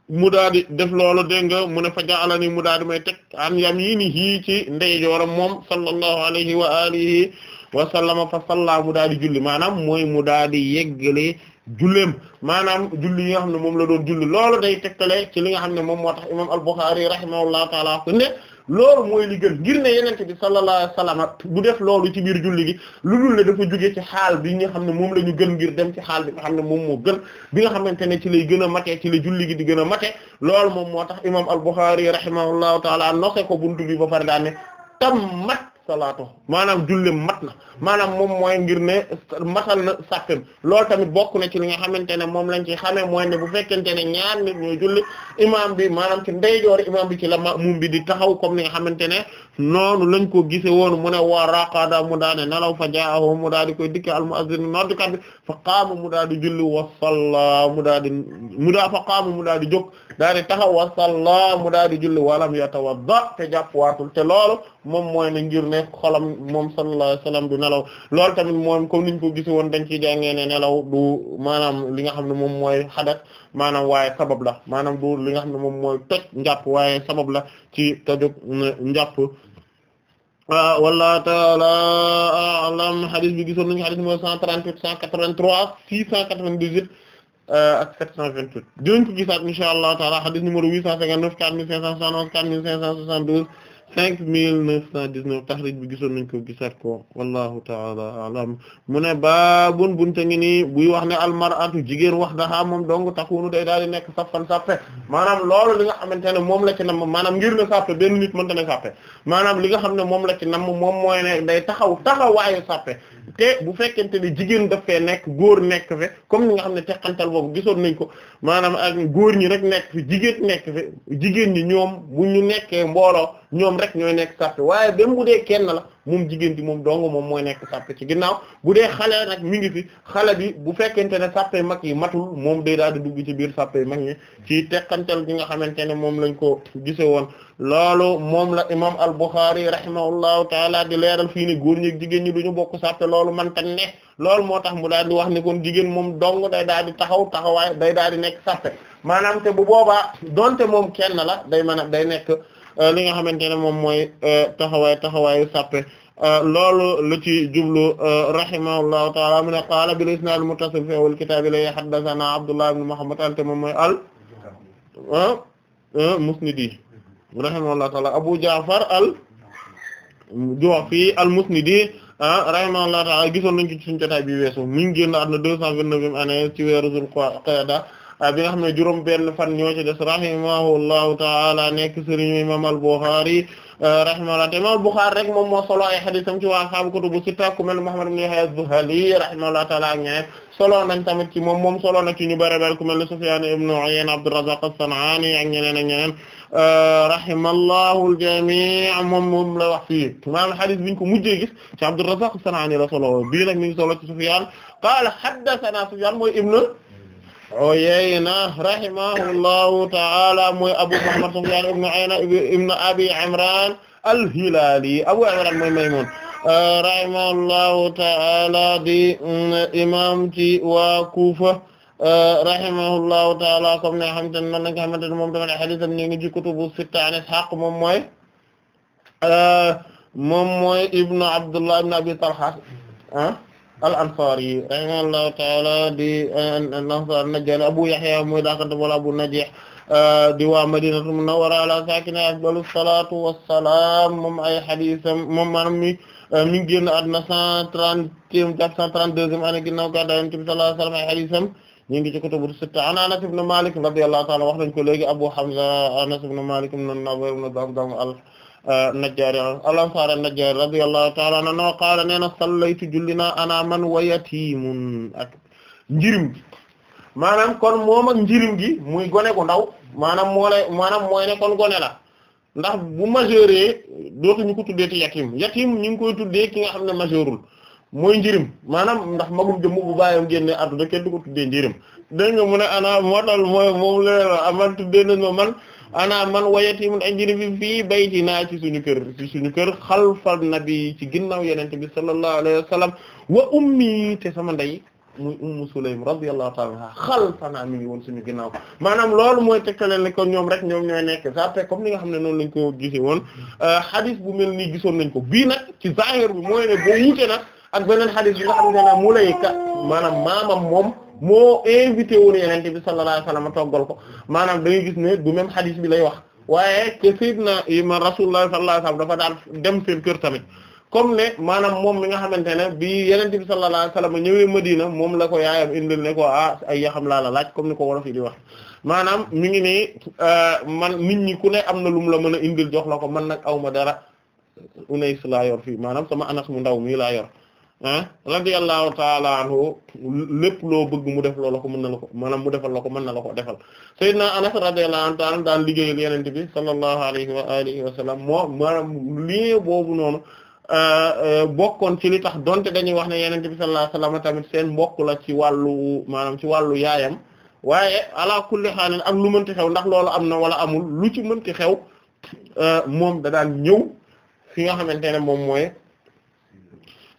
S2: mu daal di def loolo dégg nga mu ne fa ja'alani mu daal di may teg an yaminihi ndey ndeyjooram moom sallallahu alayhi wa alihi wa sallama fa salla mu daal di julli maanaam mooy mu daal di yeggale julleem maanaam julli yi nga xam ne moom la doon julli loolu day tegtale ci li nga xam ne moom moo tax imam al-Bukhari rahimahullahu ta'ala ne lool mooy li gën ngir ne yenente bi sallallahu alayhi wasallam du def loolu ci biir julli gi lu dul ne dafa jóge ci xaal bi nga xam ne moom la ñu gën ngir dem ci xaal bi nga xam ne moom moo gën bi nga xamante ne ci lay gën a matee ci la julli gi di gën a matee loolu moom moo tax imam al-Bukhari rahimahullahu taala nose ko buntu bi ba pare daane tam mat salaatu maanaam jullim mat na maanaam moom mooy ngir ne matal na sàppem loolu tamit bokk na ci li nga xamante ne moom lañ ci xamee mooy ne bu fekkente ne ñaar nit ñooy julli imaam bi maanaam ci ndeyjoor imaam bi ci la ma'muum bi di taxaw comme ni nga xamante ne noonu lañ ko gise woon mu ne waa raqada mu daa ne fa jaahu mu daa di koy dikk al mu'azzin noddukat bi fa qaama mu daa di julli wa mu daa di mu daa fa qaama mu daa di daa di taxaw wa salla mu daa di julli walam yatawadda te jàppwaatul te loolu moom mooy ne ngir ne xolam moom sallallahu alayhi wasallam du nelaw loolu tamit moom comme niñ ko gisi woon dañ ciy jàngee ne nelaw du maanaam li nga xam ne moom mooy xadat maanaam waaye sabab la maanaam du li nga xam ne moom mooy toj njàpp waaye sabab la ci tojug njàpp wallahu ta'ala a'lam hadith bi gisoon nañu hadith mooy 138 183 698 ak 728 dinañ ko gisaat insha Allah taala hadith numéro 859 4571 4572 5919 tahrij bi gisoon nañ ko gisaat ko wallahu taala alam mu ne baabun bunte ngi nii buy wax ne almaratu jigéen wax daxaa moom dong taxunu day daal di nekk saffan sappe maanaam loolu li nga xamante ne moom la ci namm maanaam ngir ne sappe benn nit mënta ne sappe maanaam li nga xam ne moom la ci namm moom mooy ne day taxaw taxawaayu sappe te bu fekkente ne jigéen daf fee nekk góor nekk fe comme ni nga xam ne teqantal boobu gisoon nañ ko maanaam ak góor ñi rek nekk fi jigéen nekk fe jigéen ñi ñoom bu ñu nekkee mbooloo ñoom rek ñooy nekk sàppe waaye même bu dee kenn la moom jigéen bi moom dong moom mooy nekk sàppe ci ginnaaw bu dee xale nag mi ngi fi xale bi bu fekkente ne sàppe mag yi matul moom day daal di dugg ci biir sàppe mag ñi ci teqantal gi nga xamante ne moom lañ ko gise woon loolu moom la imam al-Bukhari rahimahullahu taala di leeral fii ni góor ñi jigéen ñi du ñu bokk sàppe loolu manta ne loolu moo tax mu daal di wax ni kon jigéen moom dong day daal di taxaw taxawaay day daal di nekk sàppe maanaam bu boobaa donte moom kenn la day mën a day nekk euh, li nga xamante ne moom mooy euh, taxawaay taxawaayu sàppe euh, loolu la ci jublu rahimahullahu taala mu ne qaala bil isnaad al-muttasil fi awwal kitaab ilay haddathana Abdullah ibn Muhammad ante moom mooy al ah, musnidi rahimahullahu taala Abu Ja'far al Ju'fi al Musnidi ah, rahimahullahu taala gisoon nañ ci suñu jotaay bi weesu mi ngi génn àdduna deux cent vingt-neuvième année ci weeru Zul Qa'da ah, bi nga xam ne juróom benn fan ñoo ci des rahimahullahu taala nekk sëriñ imam al Bukhari ah, rahimahullah te imam al Bukhari rek moom moo solo ay xadiisam ci waa ashaabu ko sitta ku mel Muhammad ibn Yahya az-Zuhali rahimahullahu taala solo nañ tamit ci moom moom solo na ci ñu bare bare ku mel ne Sufyan ibn Uyayna rahimallahu al-jami' moom moom la wax fii maanaam xadis bi ñu ko mujjee gis ci Abdurrazzaq as-San'ani la solo bii nag mi ngi solo ci Sufyan qaala haddathana Sufyan mooy ibn Uyayna rahimahullahu ta'ala mooy Abu Muhammad Sufyan ibn Uyayna ibn Abi Imran al-Hilali Abu Imran mooy Maymun rahimahullahu ta'ala di imam ci waa Kufa rahimahullahu taala comme ne nga xamante ne noonu la xamante ne moom tamit hadiisam ni ngi ci kutubu sitta an Ishaq moom mooy moom mooy ibnu Abdullah ibnu Abi Talha ah, al-Ansari rahimahullahu taala di an-Najjaari Abu Yahya mooy daakante wala Abu Najih di waa Madinatu Munawwara ala saakinihaa afdalu salaatu wassalaam ay hadiisam moom maanaam mi mi ngi génn àdduna cent trentième jàpp cent trente ay hadiisam ñi ngi ci kutubu sitta an Anas ibn Malik radiyallahu ta'ala wax nañ ko léegi Abu Hamza Anas ibn Malik ibn Nadr ibn Damdam al-Najjari euh, al-Ansari an-Najjari radiyallahu ta'ala anhu qaala nee na sallaytu jullina ana man wa yatimun ak njirim gi maanaam kon moom ak gi muy gone gu ndaw maanaam moo lay maanaam mooy ne kon gone la ndax bu majeure ñu ko tuddee ci yatim yatim ñu ngi koy tuddee ki nga xam ne majeurul mooy njirim maanaam ndax magum jëmm bu bàyyam génne àdduna kenn tuddee njirim dégg nga mu ne ana moo tax mooy moom la man tuddee nañ ma man ana man wayati mun ay njirim fii bayti naa ci suñu kër ci suñu kër xalfal nabi ci ginnaaw yenente bi sallallahu alayhi wa sallam wa ummi te sama ndey muy ummu sulaym radiyallahu ta'ala anha xalfanaa mi ngi woon suñu ginnaaw maanaam lool mooy tegtale ne kon ñoom rek ñoom ñooy nekk zappe comme ni nga xam ne noon lañ ko gisee woon euh, hadith bu mel nii gisoon nañ ko bii nag ci zahir bi mooy ne ak beneen xadis bi nga xamante ne Mulayka maanaam maamam moom moo invité woon Yonent bi sallallahu alayhi wa sallam toggal ko maanaam da gis ne du même xadis bi lay wax waaye te sayyidna ima Rasulullah sallallahu alayhi dafa daan dem seen kër tamit comme maanaam moom mi nga xamante ne bi yeneen bi sallallahu alayhi wa sallam ñëwee diina moom la ko yaayam indil ne ko ah ay yaxam laa la laaj comme ni ko wolof yi di wax maanaam mi ngi nii euh, man nit ñi ku ne am na lu mu la mën a indil jox la ko man nag awma dara Unays laa yor fii maanaam sama anas mu ndaw mii laa yor ah radiyallahu taala anhu lépp loo bëgg mu def loola ko mën na la ko maanaam mu defal la ko mën na la ko defal sayyidina Anas radiyallahu anhu taala daan liggéey ak yenente bi sallallahu alayhi wa alihi wa sallam moo maanaam li boobu noonu euh, euh, bokkoon ci li tax donte dañuy wax ne yenente bi sallallahu alayhi wa sallam tamit seen mbokk la ci wàllu maanaam ci wàllu yaayam waaye ala kulli xaalin ak lu mënti xew ndax loolu am na wala amul lu ci mënti xew euh, moom da daan ñëw fi nga xamante ne moom mooy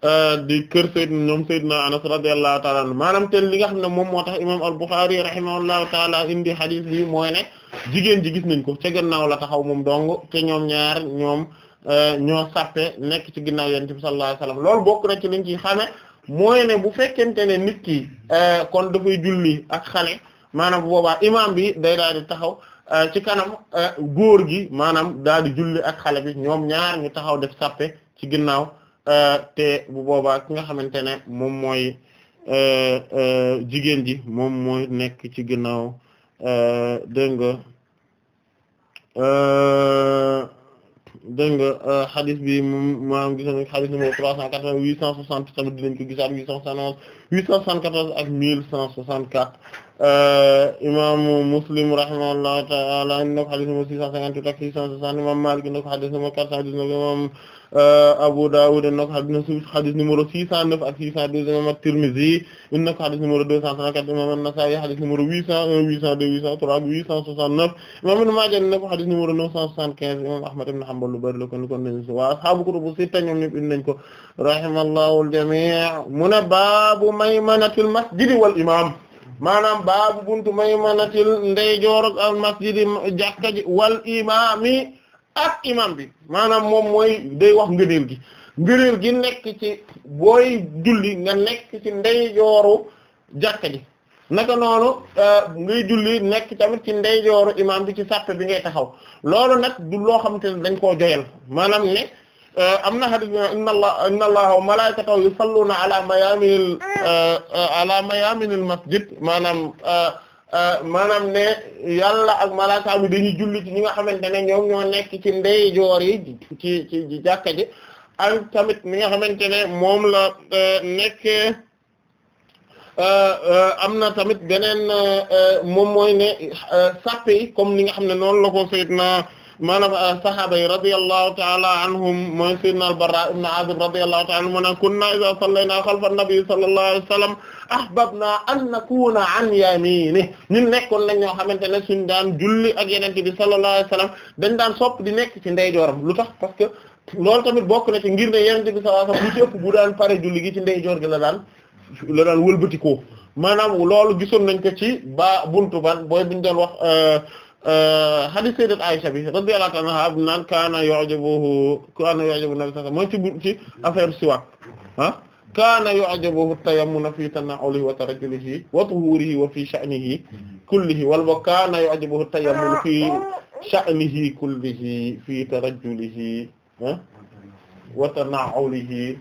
S2: Euh, di kër Seydina ñoom Seydina Anas radiyallahu ta'ala anhu maanaam te li nga xam ne moom moo tax imam al-Bukhari rahimahullahu ta'ala indi hadith bi mooy ne jigéen ji gis nañ ko ca gannaaw la taxaw moom dong te ñoom ñaar ñoom euh, ñoo sàppe nekk ci ginnaaw yonent bi sallallahu alayhi wasallam loolu bokk na ci liñ ci xame mooy ne bu fekkente ne nit ki euh, kon dafay julli ak xale maanaam bu boobaa imam bi day daal di taxaw ci kanam góor gi maanaam daal di julli ak xale bi ñoom ñaar ñu taxaw def sàppe ci ginnaaw Euh, te bu boobaa ki nga xamante ne moom mooy euh, euh, jigéen ji moom mooy nekk ci ginnaaw dégg nga dégg nga xadis bi moom maanaam gis nañu xadis numéro trois cent quatre vingt huit cent soixante tamit dinañ ko gisaat huit cent soixante onze huit cent soixante quatorze ak mille cent soixante quatre imaamu Muslim rahimahullahu ta'ala indi na ko xadis numéro six cent cinquante huit ak six cent soixante imam Maalik indi na ko xadis numéro quatre cent dix neuf imam Euh, Abu Dawud inna ko xadis numéro 609 ak 612 imam at-Tirmidhi inna ko xadis numéro 234 imam an-Nasa'i xadis numéro 801 802 803 ak 869 imam Ibn Majah inna ko xadis numéro 975 imam Ahmad ibn Hanbal lu bari la kon kon nañu wa ashaabu kutubu sitta ñoom ñépp indi nañu ko rahimallahu al-jami' mu ne baabu maymanatil masjidi wal imam maanaam baabu buntu maymanatil ndeyjoor ak al masjidi jàkka ji ak imam bi maanaam moom mooy day wax ngëneel gi ngëneel gi nekk ci booy julli nga nekk ci ndeyjooru jàkka ji naka noonu euh, ngay julli nekk tamit ci ndeyjooru imam bi ci sàppe bi ngay taxaw loolu nag du loo xamante ne dañ koo joyal maanaam ne euh, am na hadith inna allah inna allaha wa malaikatahu yusalluna ala mayaminil euh, ala mayaminil masjid maanaam Euh, maanaam ne yàlla ak malaaka bi dañuy julli ci ñi nga xamante ne ñoom ñoo nekk ci ndeyjoor yi ci ci ci jàkka ji ak tamit mi nga xamante ne moom la euh, nekk euh, am na tamit beneen moom mooy ne sàppe yi comme ni nga xam ne noonu la ko sayyidna maanaam sahaaba yi radiyallahu ta'ala anhum mooy sayyidna al-Barra ibn Azib radiyallahu ta'ala anhu kunna idha sallayna khalfa an-nabi sallallahu alayhi sallam naa ahbabna an nakuna an yamini ñun nekkoon nañ ñoo xamante ne suñ daan julli ak yenente bi sallallahu alayhi wasallam dañ daan sopp di nekk ci ndeyjooram lu tax parce que loolu tamit bokk na ci ngir ne yenente bi sallallahu alayhi wasallam lu ci ëpp bu pare julli gi ci ndeyjoor gi la daan la daan wëlbatikoo maanaam loolu gisoon nañ ko ci ba buntu ban booy buñ doon wax euh, euh, hadith sayyidat Aisha bi radiyallahu anha ab naan kaana yu'jibuhu kaana yu'jibu nabi sallallahu alayhi mooy ci ci affaire siwaak ah. kaana yu'jabuhu at-tayammunu fi tana'ulihi wa tarajjulihi wa tuhurihi wa fi sha'nihi kullihi wala boog kaana yu'jabuhu at-tayammunu fi sha'nihi kullihi fi tarajjulihi ah, wa tana'ulihi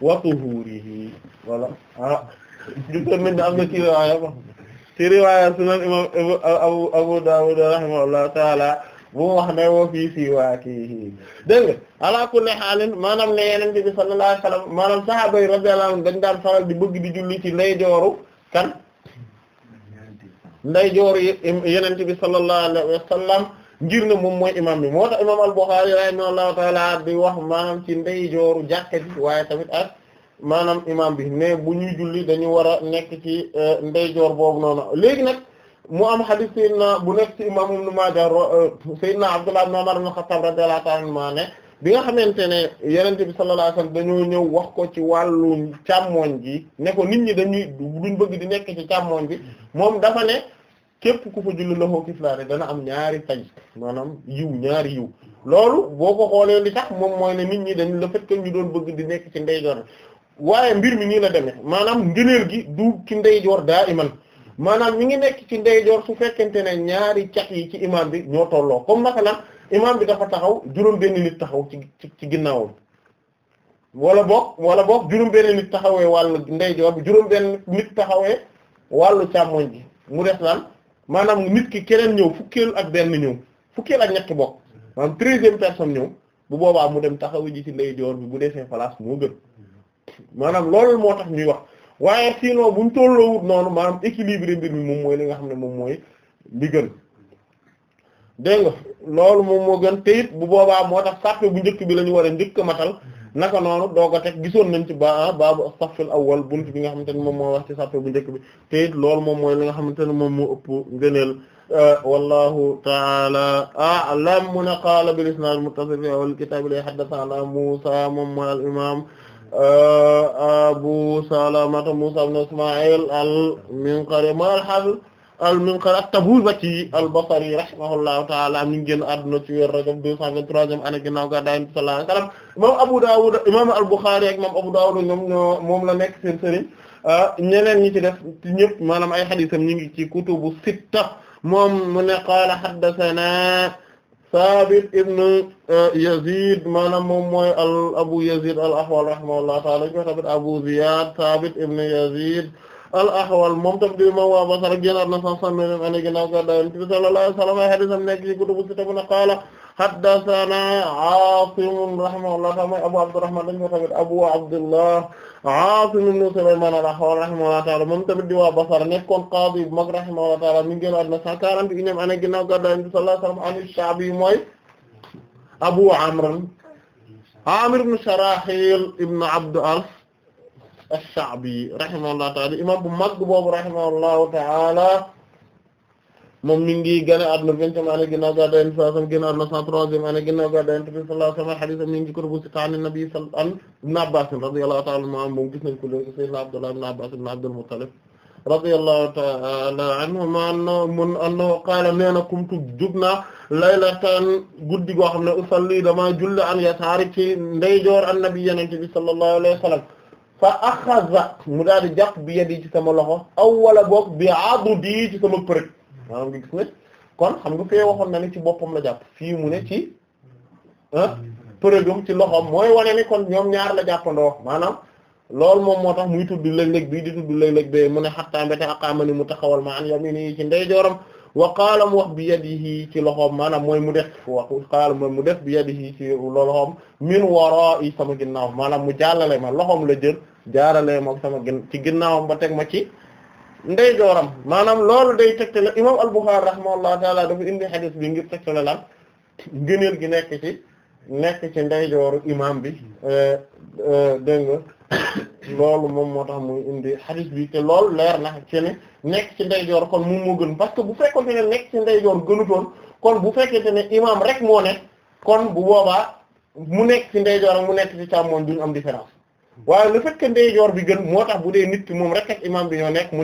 S2: wa tuhurihi voilà ah ñu toll da am na ci riwaaya ba ci riwaaya sunan imam Abu Abu Dawud rahimahullahu ta'ala bu mu wax ne woo fii si waa kii dégg kulli haalin maanaam ne yeneen bi sallallahu alayhi wasallam maanaam sahaaba yi radiyallahu dañ daan faral di bëgg di julli ci ndeyjooru kan ndeyjooru yeneen bi sallallahu alayhi wasallam ngir ne moom mooy imam bi moo tax al-Bukhari wax maanaam ci ndeyjooru jàkka ji waaye tamit ak maanaam imam bi ne bu ñu julli dañu war a nekk ci euh, ndeyjoor boobu noonu léegi nag mu am hadith sayyidina bu nekk ci imam Ibn Maaja euh, sayyidina Abdullah ibn Umar ibn Khattab radiyallahu ta'ala anhu ne bi nga xamante ne yonent bi sallallahu alayhi wasallam dañoo ñëw wax ko ci wàllu càmmoñ ji ne ko nit ñi dañuy duñ bëgg di nekk ci càmmoñ bi moom dafa ne képp ku fa julli loxo kiflaare dana am ñaari tay maanaam yiw ñaari yiw loolu boo ko xoolee li tax moom mooy ne nit ñi dañ le fait que ñu doon bëgg di nekk ci ndeyjoor waaye mbir mi nii la demee maanaam ngëneel gi du ci ndeyjoor daa iman maanaam mi ngi nekk ci ndeyjoor su fekkente ne ñaari cax yi ci imaam bi ñoo tolloo comme na imaam bi dafa taxaw juróom benn nit taxaw ci ci ginnaawam wala boog wala boog juróom benn nit taxawee wàllu ndeyjoor bi juróom benn nit taxawee wàllu càmmoñ bi mu des lan maanaam nit ki keneen ñëw fukkeel ak benn ñëw fukkeel ak ñetti bokk maanaam treizième personne ñëw bu boobaa mu dem taxaw ji ci ndeyjoor bi bu desee place moo gën maanaam lool moo tax ñuy wax waaye bu buñ tolloowut noonu maanaam équilibré mbir mi moom mooy li nga xam ne moom mooy li gën dégg nga loolu moom moo gën te bu boobaa moo tax sàppe bu njëkk bi la ñu war a njëkk matal naka noonu doog a teg gisoon nañ ci ba ah, baabu safil awwal bunt bi nga xamante ne moom moo wax ci sàppe bu njëkk bi te it loolu moom mooy li nga xamante ne moom mu ëpp ngëneel eh, wallahu taala a'lam mu ne qaala bil isnad muttasil fi awwal kitab li haddatha ala Musa moom mooy al Eh, Abu Salamata Musa ibn Isma'il al-Minqari ma al-Hafiz al-Minqari at-Tabuzaki al-Basri rahimahullahu ta'ala mi ngi génn àdduna ci weer Rajab 223e année ginnaaw ga daay sallallahu alayhi wa sallam imam Abu Dawud imam al-Bukhari ak imam Abu Dawud ñoom ñoo moom la nekk seen sëriñ eh, ñeneen ñi ci def ci ñëpp maanaam ay hadiisam ñu ngi ci kutubu sitta moom mu ne qaala haddathana Saabit ibn euh, Yazid maanaam moom mooy al Abu Yazid al Ahwal rahimahullahu ta'ala ko tamit Abu Ziyad Saabit ibn Yazid al Ahwal moom tamit di ma waa Basra génnaat na 169 année ginnaaw gàddaay Yonent bi sallallahu alayhi wa sallam ay hadiisam nekk ci kutubu sitta mu qaala haddathana Aasim rahimahullah taala mooy Abu Abdurrahman dañ ko tamit Abu Abdullah Aasim ibn Sulaymaan al-Akhdari rahimahullah taala moom tamit di waa Basra nekkoon qaadi bu mag rahimahullah taala mi ngi génn àdduna 141 année ginnaaw gàddaay Yonent bi sallallahu alayhi wa sallam ash-Sha'bi mooy Abu Amr Aamir ibn Sharahil ibn Abd Alf ash-Sha'bi rahimahullah taala imaam bu mag boobu rahimahullahu taala moom mi ngi gën a àdduna vingtième année ginnaaw gàddaay Yonent bi sallallahu alayhi wasallam gën a àdduna cent troisième année ginnaaw gàddaay Yonent bi sallallahu alayhi wasallam hadiis am mi ngi ci kutubu sitta an Nabi sallallahu alayhi wasallam Ibn Abbaas radiyallahu ta'ala anhu moom gis nañ ko léegi Sayyidina Abdullah ibn Abbaas ibn Abdul Muttalib radiyallahu ta'ala anhumaa mun annahu qaala nee na kumtu jug naa laylatan guddi goo xam ne usalli dama julli an yasaari ci ndeyjoor an-Nabi Yonent bi sallallahu alayhi wasallam fa axaza mu daal di jàpp bi yadi ci sama loxo aw wala boog bi adudi ci sama përëg maanaam nga gis ne kon xam nga fee waxoon na ne ci boppam la jàpp fii mu ne ci ah përëgam ci loxoom mooy wane ni kon ñoom ñaar la jàppandoo maanaam loolu moom moo tax muy tudd léeg-léeg bii di tudd léeg-léeg bee mu ne xattaa mbéte aqaama ni mu taxawal ma an yamini ci ndeyjooram wa qaala mu wax bi yadihi ci loxoom maanaam mooy mu def wax qaala mooy mu def bi yadihi ci loxoom min wara'i sama ginnaaw maanaam mu jàllale ma loxoom la jël jaarale ma sama gin ci ginnaawam ba teg ma ci ndeyjooram maanaam loolu day tegtale imaam al-Bukhârî rahimahullahu taala dafa indi xadis bi ngir tegtale lan ngëneel gi nekk ci nekk ci ndeyjooru imaam bi euh, euh, dégg nga loolu moom moo tax muy indi xadis bi te lool leer na ci ne nekk ci ndeyjoor kon moom moo gën parce que bu fekkoon ne nekk ci ndeyjoor gënutoon kon bu te ne imaam rek moo ne kon bu boobaa mu nekk ci ndeyjoor ak mu nekk ci càmmoñ duñu am différence waaye le fait que ndeyjoor bi gën moo tax bu dee nit ki moom rek imam bi ñoo nekk mu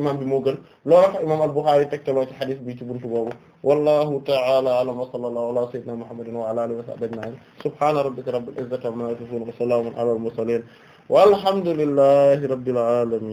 S2: imam bi moo gën loolu buntu boobu wallahu ta'ala a'lam wa sallallahu ala sayyidina muhammadin wa ala alihi wa sahbihi ajma'in subhana alamin